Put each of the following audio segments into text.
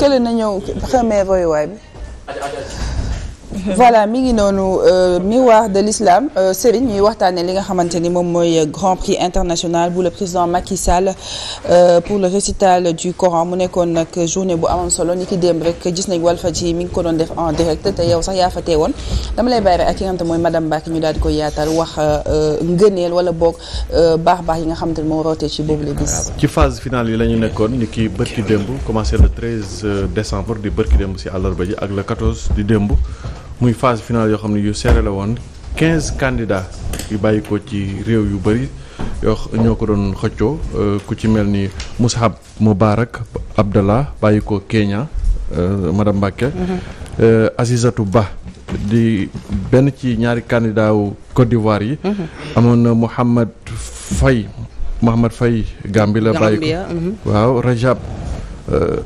kële na ñëw xamee royuwaay bi. voilà mi ngi noonu euh, miroir de l'islam euh, Serigne ñuy waxtaanee li nga xamante ni moom mooy grand prix international bu le président Macky Sall euh, pour le récital du Coran mu nekkoon nag journée bu amoon solo ni ki démb rek gis nañ Walfadjri mi ngi ko doon def en direct te yow sax yaa fa teewoon dama lay bàyyi rek ak ki nga xamante mooy ñu daal di ko yaatal wax ngëneel wala boog baax baax yi nga xamante ni moo rootee ci boobu la bis. ci phase finale yi la ñu nekkoon ni ki bërki démb commencé le 13 décembre di bërki démb si àllarba démb. muy phase finale yoo xam ne yu serré la woon quinze candidats yu bàyyi ko ci réew yu bëri yoo ñoo ko doon xëccoo euh, ku ci mel ni Moussab Moubarak Abdallah bàyyi ko Kenya euh, madame Mbacke mm-hmm. euh, Azizatou Ba di benn ci ñaari candidat wu Côte d'Ivoire yi mm-hmm. amoon na Mouhamad Faye Mouhamad Faye Gambie la bàyyi ko mm-hmm. waaw Rajab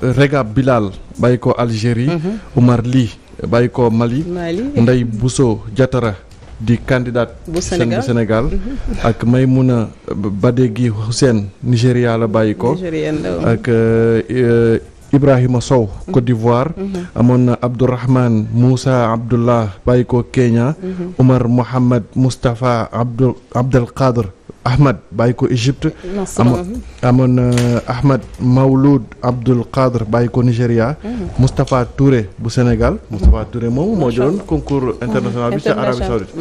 Regab Bilal bàyyi ko Algérie Oumar Ly bàyyi ko Mali. Mali Ndeye Bousso Diatara di candidate. bu Sénégal Sénégal. Mhm. ak Maymouna Badegui Hussein Nigéria la bàyyi ko. ak. Euh, euh, Ibrahima Sow mhm. Côte d'Ivoire mhm. amoon na Abdourahman Moussa Abdullah bàyyi ko Kenya mhm. Omar Mohamed Moustapha Abdul Abdel Qadir Ahmad bàyyi ko Égypte amoon amoon na Ahmad Mawloud Abdul Qadir bàyyi ko Nigéria Moustapha Touré bu Sénégal Moustapha Touré moomu moo jëloon concours international bi ca Arabie Saoudite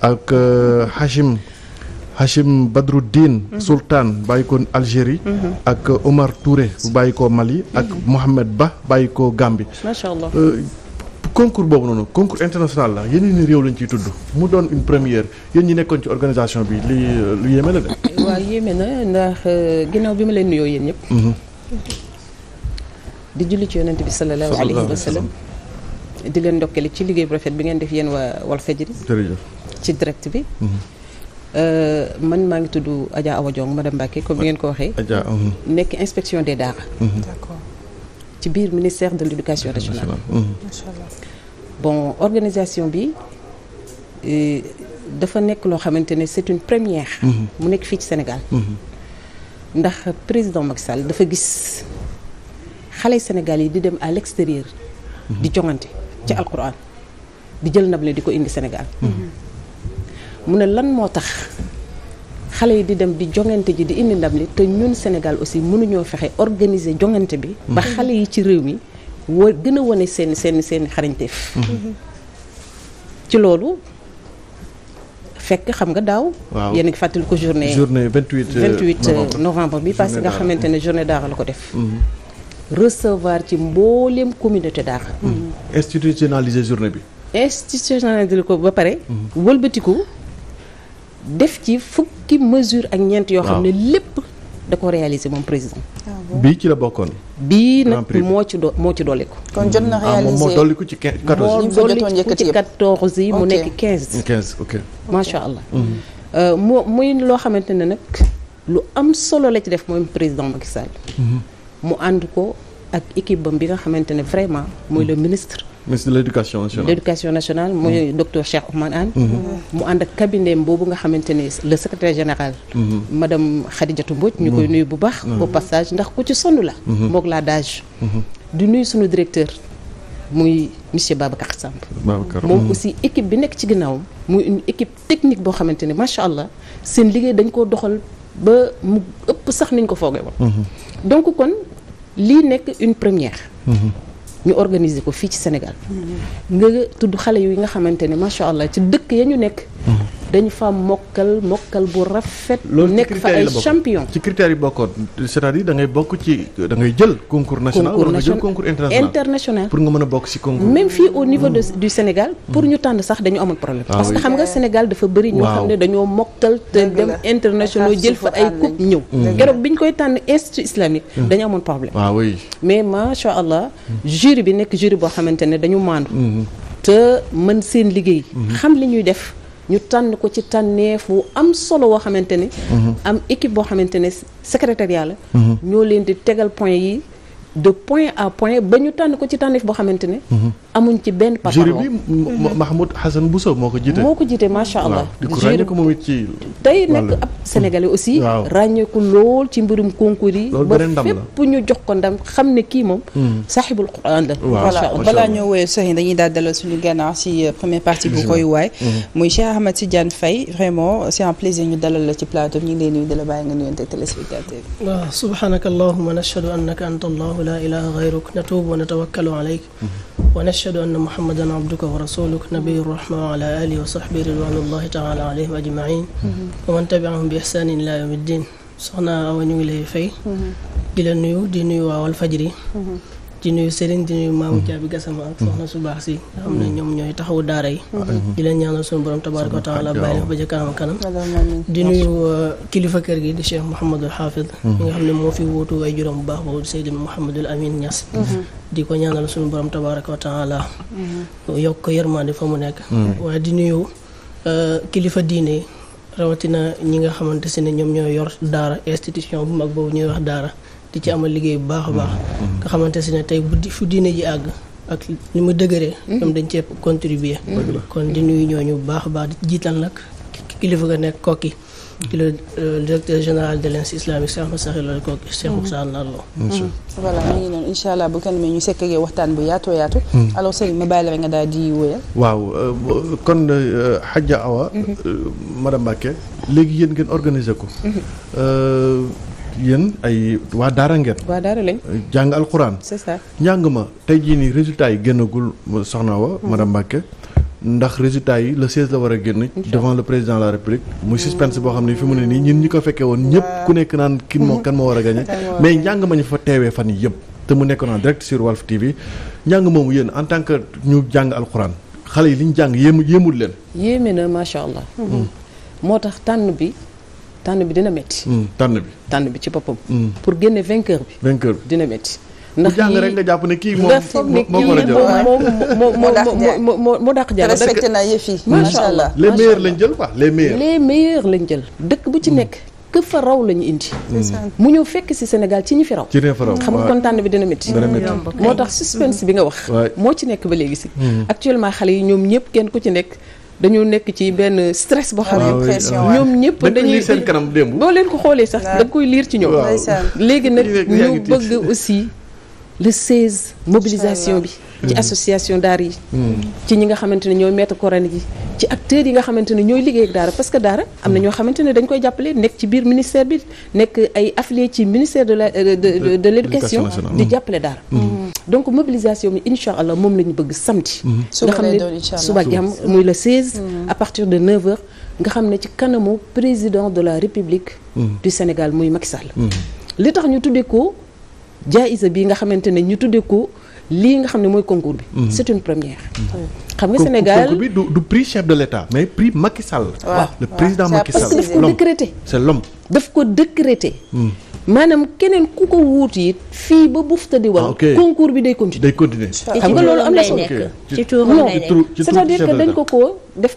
ak euh, Hachim Hachim Badruddin Sultan bàyyi ko Algérie mhm. ak Omar Touré bàyyi ko Mali ak mhm. Mohamed Ba bàyyi ko Gambie macha allah euh, concours boobu noonu concours international la yeneen i réew lañ ciy tudd mu doon une première yéen ñi nekkoon ci organisation bi li lu yéeme la de. waaw yéeme na ndax euh, ginnaaw bi ma leen nuyoo yéen ñëpp. Mhm. di julli ci yonent bi sallallahu alayhi wa sallam di leen ndokkale ci liggéey bu rafet bi ngeen def yéen waa Walfadjri. jërëjëf ci direct bi. Euh, man maa ngi tudd Adja Awa Diong madame Mbacké comme ni ngeen ko waxee. Uh-huh. nekk inspection des daara. Uh-huh. d'accord ci biir ministère de l'éducation nationale. macha uh-huh. allah bon organisation bi euh, dafa nekk loo xamante ne c'est une première. mu nekk fii ci Sénégal. ndax président Macky Sall dafa gis xale Sénégal yi di dem à l'extérieur. di joŋante ci alquran di jël ndam le di ko indi Sénégal. mu ne lan moo tax xale yi di dem di jongante ji di indi ndam li te ñun Sénégal aussi mënuñoo fexe organiser jongante bi. ba mhm. xale yi ci réew mi wa gën a wone seen seen seen xarañteef. Mhm. ci loolu fekk xam nga daaw. waaw yéen a ngi fàttali ko journée. journée 28 28 euh, euh, novembre bi passé nga xamante ne journée daara la ko def. Mhm. recevoir ci mbooleem communauté daara. institutionnaliser journée bi. institutionnaliser ko ba pare. wëlbatiku. def ci fukki mesure ak ñeent yoo xam ne lépp da ko réaliser moom président ah bii ci la bokkoon bii nag moo ci do moo ci dolli ko kon jot na ah, réaliser moo dolli ko ci quatorze yi mu nekk quinze quinze ok macha allah mhm. euh, moo muy loo xamante ne nag lu am solo la ci def mooy président Macky Sall mhm. mu ànd ko ak équipe bam bi nga xamante ne vraiment mooy mhm. le ministre ministre de l' éducation nationale. l' mooy mm-hmm. docteur Cheikh Oumar Anne. Mm-hmm. mu ànd ak cabinet boobu nga xamante ne le secrétaire général. Mm-hmm. madame Khadijatou Mbodj. ñu koy nuyu bu baax. au passage ndax ku ci sonn la. moog la daaj. di nuyu suñu directeur. muy monsieur Babacar Samb. moom aussi équipe bi nekk ci ginnaawam. muy une équipe technique boo xamante ne macha allah seen liggéey dañ koo doxal ba mu ëpp sax niñ ko foogee woon. donc kon lii nekk une première. ñu organiser ko fii ci Sénégal nga tudd xale yi nga xamante ne macha allah ci dëkk ya ñu nekk dañu fa mokkal mokkal bu rafet. nekk fa ay champion ci critères yi bokkoon ci à dire da ngay bokk ci da ngay jël concours national wala nga jël concours international pour nga mën a bokk ci concours. même fii au niveau de hmm. pour ñu tànn sax dañu amoon problème. Ah parce que xam nga Sénégal dafa bëri. ñoo xam ne dañoo mokkal te jël fa ay coupe ñëw. Hmm. keroog bi ñu koy tànn institut islamique. Hmm. dañu amoon problème. waaw ah oui mais macha allah. jury bi nekk jury boo xamante ne dañu maandu. te mën seen liggéey. xam li ñuy def. ñu tànn ko ci tànneefu am solo woo xamante ne. Mhm. am équipe boo xamante ne secrétariat la. Mhm. ñoo leen di tegal point yi de point à point ba ñu tànn ko ci tànneef boo xamante ni mhm. amuñ ci benn patron. jury bi Mahmoud Hassan Bousso moo ko jiite. moo ko jiite macha allah. di ko ko moom it day nekk ab sénégalais aussi ràññeeku lool ci mbirum concours yi ba fépp ñu jox ko ndam xam ne kii moom hmm. saaxibul quran la voilà balaa ñoo woowee soxna dañuy daal dalal suñu gànnaar si euh, première partie bu koy waay hmm. muy Cheikh Ahmed Tidiane Faye vraiment c'est plaisir ñu dalal la ci plateau ñu ngi lay nuyu di la bàyyi nga nuyoonte téléspectateur yi waaw subhanaka allahuma nashhadu annaka anta la ilaha gayruk natuub wa natawakkalu alayk hmm. ونشهد أن محمدا عبدك ورسولك نبي الرحمة وعلى آله وصحبه رضوان الله تعالى عليهم أجمعين ومن تبعهم بإحسان إلى يوم الدين soxna Awa ñu ngi lay fay. di la nuyu di nuyu waa Walfadjri di nuyu Serigne di nuyu Maam Jaabi mhm. Gassama ak mhm. soxna su baax si nga xam ne mhm. ñoom ñooy taxawu daara yi di leen ñaanal suñu borom tabaaraka wa taala bàyyi ba ca kanam kanam di nuyu uh, kilifa kër gi di Cheikh Mouhamadul Haafid mi nga xam ne moo fi wuutu way juróom bu baax boobu Seydina Mouhamadul Amin Niass di ko ñaanal suñu borom tabaaraka wa taala yokk ko yërmande fa mu nekk waaye di nuyu uh, kilifa diine rawatina ñi nga xamante si ne ñoom ñooy yor daara institution bu mag boobu ñuy wax daara di ci amal liggéey bu baax baax. nga xamante si ne tey bu di fu diine ji àgg. ak li ma dëgëree. ñoom dañ cee contribuer. kon di nuyu ñooñu bu baax a baax di jiital nag kilifa ga nekk kokki ki le euh, directeur général de l'INS islamique Cheikh mm-hmm. Moussa Khilal kooku Cheikh Moussa Nallo. voilà mi la noonu incha allah bu kenn mais ñu sekk waxtaan bu yaatu yaatu. Mm-hmm. alors Serigne ma bàyyi nga daal di wéyal. waaw euh, kon euh, Hadja Awa. Mm-hmm. madame Mbacké léegi yéen ngeen organiser ko. yéen ay waa daara ngeen. waa daara lañ. jàng alxuraan. c'est njàng ma tey jii nii résultat yi génnagul soxna wa mhm. madame Mbacke ndax résultat yi le 16 la war a génn. devant le président la république. muy suspense boo xam ne fi mu ne nii ñun ñi ko fekkee woon ñëpp ku nekk naan kin moo mhm. kan moo war a gagné. mais njàng ma ñu fa teewee fan yii yëpp. te mu nekkoon en direct sur Walf TV njàng moomu yéen en tant que ñu jàng alxuraan xale yi li ñu jàng yéemu yéemul leen. yéeme na macha allah. Mhm. moo tànn bi dina métti. Mm, tànn bi tànn bi ci boppam. Mm. pour génne vainqueur bi. vainqueur bi dina métti. ndax jàng rek nga jàpp ne kii moom moom moo la jël moo moo moo dàq jàng respecté na yëf yi macha allah les meilleurs lañ jël quoi les meilleurs lañ jël dëkk bu ci mm. nekk que fa la ñu indi mu ñëw fekk si Sénégal ci ñi fi raw xam nga kontaan bi dina métti moo tax suspense bi nga wax moo ci nekk ba léegi si actuellement xale yi ñoom ñëpp kenn ku ci nekk dañu nekk ci benn stress boo xam ne ah ah ñoom ñëpp dañuy seen kanam démb boo leen ko xoolee sax da koy liir ci ñoom léegi nag ñu bëgg aussi le 16 mobilisation bi ci hmm. association daara yi hmm. ci ñi nga xamante ne ñooy maître coranique yi ci acteurs yi nga xamante ne ñooy liggéey ak daara parce que daara am na hmm. ñoo xamante ne dañ koy jàppale nekk ci biir ministère bi nekk ay affilié ci ministère de la euh, de de l'éducation di jàppale daara donc mobilisation bi incha moom la ñu bëgg samedi nga xam ne suba jàmm muy le 16 à partir de 9 heures nga xam ne ci kanamu président de la république du Sénégal muy mag Sall li tax ñu tuddee ko jaayisa bi nga xamante ne ñu tuddee ko lii nga xam ne mooy concours bi. Mhm. c'est une première. Mhm. xam nga Sénégal concours bi du du mais prix Macky Sall. waaw le président Macky Sall parce que daf ko décrété. Hmm. maanaam keneen ku ko wuut it fii ba buuf te di wal ah, concours bi day continuer xam nga loolu am na solo ci ko ko def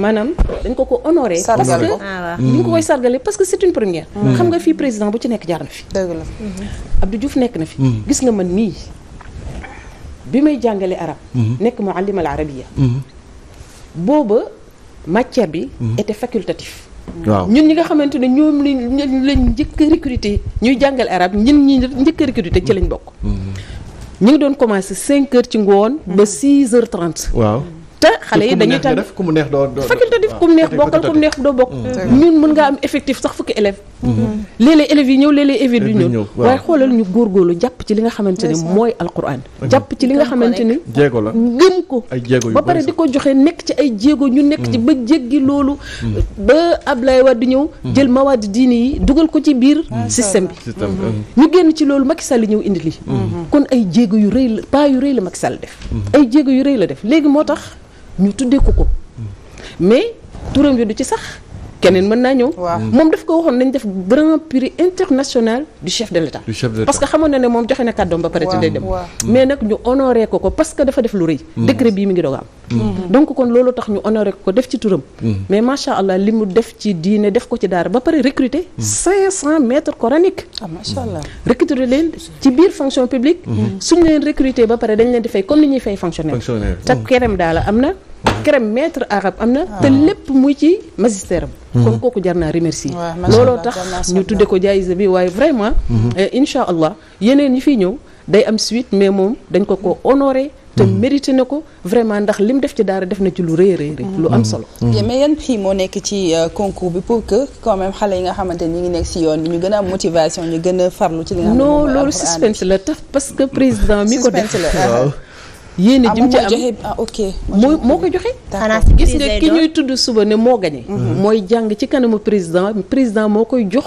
maanaam dañ ko ko honoré parce que ah, ah, hmm. ñu ngi ko koy sargale que c'est une première hmm. xam nga fii président bu ci nekk jaar na fi Abdou Diouf nekk na fi gis nga man nii bi may jàngale arab mhm. nekk mu àllimal arabiya mhm. booba matière bi mhm. était facultatif waaw ñun ñi nga xamante ne ñoom lañ lañ njëkk a recruter ñuy jàngal arab ñun ñi njëkk a recruter ci lañ bokk ñu ngi doon commencé cinq heures ci ngoon ba six heures trente waaw te xale yi dañuy tànn ku mu neex doo doo facultatif ku mu neex bokkal ku mu neex doo bokk mm. ñun mën ngaa am effectif sax fukki élève mm-hmm. léeg-léeg yi ñëw léeg-léeg élèves yi ñëw waaye xoolal ñu góor góorgóorlu jàpp ci li nga xamante ne mooy alquran mm-hmm. jàpp ci li nga xamante ne jéego la gëm ko ba pare di ko joxee nekk ci ay jéego ñu nekk ci mm. ba jéggi loolu mm. ba ab Ablaye Wade ñëw jël mawaad diini yi dugal ko ci biir système bi mm-hmm. ñu génn ci loolu Macky Sall ñëw indi lii kon ay jéego yu rëy la pas yu rëy la Macky Sall def yu rëy la def léegi moo tax ñu tuddee ko ko mais turam bi du ci sax keneen mën naa ñëw. moom daf ko waxoon nañ def grand prix international du chef de l'état. parce que xamoon na ne moom joxe na kàddoom ba pare. ci day dem mais nag ñu honoré ko ko parce que dafa def lu rëy. Mm. décret bii mi ngi doog am. Mm. Mm. donc kon loolu tax ñu honoré ko ko def ci turam. mais macha allah li mu def ci diine def ko ci daara ba pare recruter. 500 maîtres coraniques. ah macha allah recruter leen ci biir fonction publique. Mm-hmm. suñ leen recruter ba pare dañ leen di fay comme ni ñuy fay fonctionnaire. fonctionnaire te kerem daal am na. crème metre arabe am na ah. te lépp muy ci magistère am mhm. kon kooku jar naa remercier looloo tax ñu tudde ko jaayisa bi waaye vraiment mhm. eh, incha allah yeneen yi fiy ñëw day am suite mais moom dañ ko ko honoré te mhm. mérité na ko vraiment ndax lim def ci daara def na ci lu rëy rëy lu am solo mais yan moo nekk ci euh, concours bi pour que quand même xale yi nga xamante ni ñu ngi nekk si yoon bi ñu gën a am motivation ñu gën a farlu ci loolu suspense la tax parce que président mi ko yéene jëm ah, ci am ah moo moo ko joxe xanaa gis tudd suba moo gañe mhm. mm-hmm. mooy jàng ci kanamu président président moo koy jox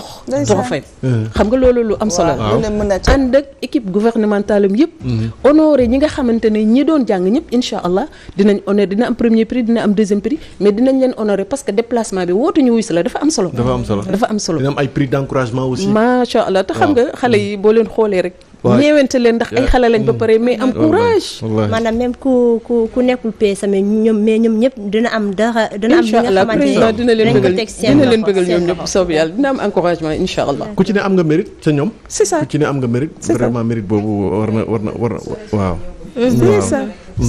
trophée mm-hmm. xam nga loolu lu am solo la ànd ak équipe gouvernementale am yëpp mm-hmm. honoré ñi nga xamante ne ñi doon jàng ñëpp incha allah dinañ honoré dina am premier prix dina am deuxième prix mais dinañ leen honoré parce que déplacement bi wootuñu wuy si la dafa am solo dafa am solo dafa am solo dina am ay prix d'encouragement aussi macha allah te xam nga xale yi boo leen xoolee rek ñeewente leen ndax ay xale lañ ba pare mais am courage maanaam même ku ku ku nekkul PSA mais ñoom mais ñoom ñëpp dina am dara dina am li nga xamante ne dina leen bëggal leen bëggal ñoom ñëpp soob yàlla dina am encouragement incha allah ku ci ne am nga mérite sa ñoom c'est ça ku ci ne am nga mérite vraiment mérite boobu war na war na war na waaw c'est ça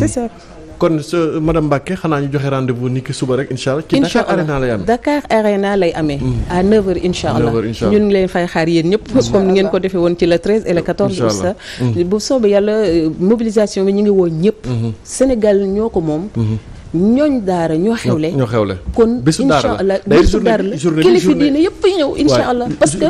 c'est ça hmm. kon sa madame Mbacke xanaa ñu joxe rendez-vous ni ki suba rek incha allah. ci Dakar Arena lay amee Dakar Arena lay amee. Mm-hmm. à 9h incha allah ñu ngi leen fay xaar yéen ñëpp. Mm-hmm. comme ni ngeen ko defee woon ci le 13 et le 14. Mm-hmm. bu soobee yàlla euh, mobilisation bi ñu ngi woon ñëpp. Sénégal ñoo ko moom. ñooñ daara ñoo xewle. ñoo xewle kon incha allah bésu daara la kilifa diine yëpp ñëw incha allah. parce que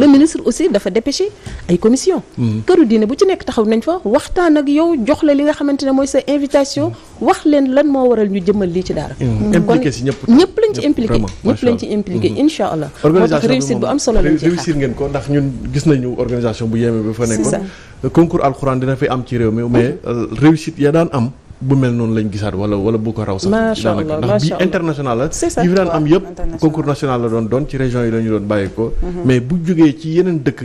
le ministre aussi dafa dépêché ay commission. Hmm. këru diine bu ci nekk taxaw nañ fa waxtaan ak yow jox la li nga xamante ne mooy sa invitation hmm. wax leen lan moo waral ñu jëmmal lii ci daara. Hmm. impliqué si ñëpp ñëpp lañ ci impliqué. ñëpp lañ allah. organisation bu am solo lañ ci xaar ko ndax ñun gis nañu organisation bu yéeme bi fa nekkoon. concours alxuraan am ci réew mi mais euh, réussite ya daan am bu mel noonu lañ gisaat wala bu ko raw sax. macha allah la. yi ñu bàyyi ko. mais bu jógee ko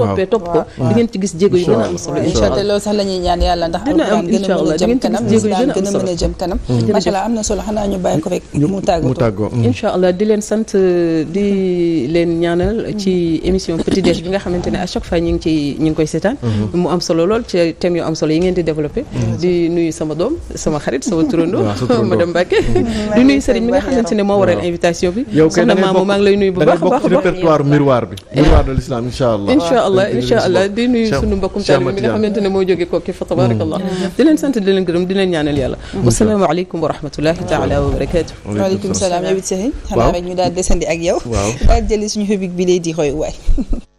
toppee a am solo. incha allah loolu a am solo Mm. incha allah di leen sant di leen ñaanal ci mm. émission petit déj bi nga xamante ne à chaque fois ngi ci ñu ngi koy seetaan mm-hmm. mu am ci thèmes yu am yi ngeen di développé mm-hmm. di nuyu sama doom sama xarit sama turando madame Mbacké mm-hmm. di nuyu sëriñ mi nga xamante ne moo waral invitation bi soxna maamu maa ngi lay nuyu bu baax a baax répertoire miroir bi eh. miroir de l'islam incha allah incha allah incha allah di leen sant di leen gërëm di leen ñaanal yàlla wasalaamaaleykum wa rahmatullahi taala wa Serigne. xam xanaa rek ñu daal desandi ak yow. waaw daal jëli suñu rubrique bi lay di royuwaay.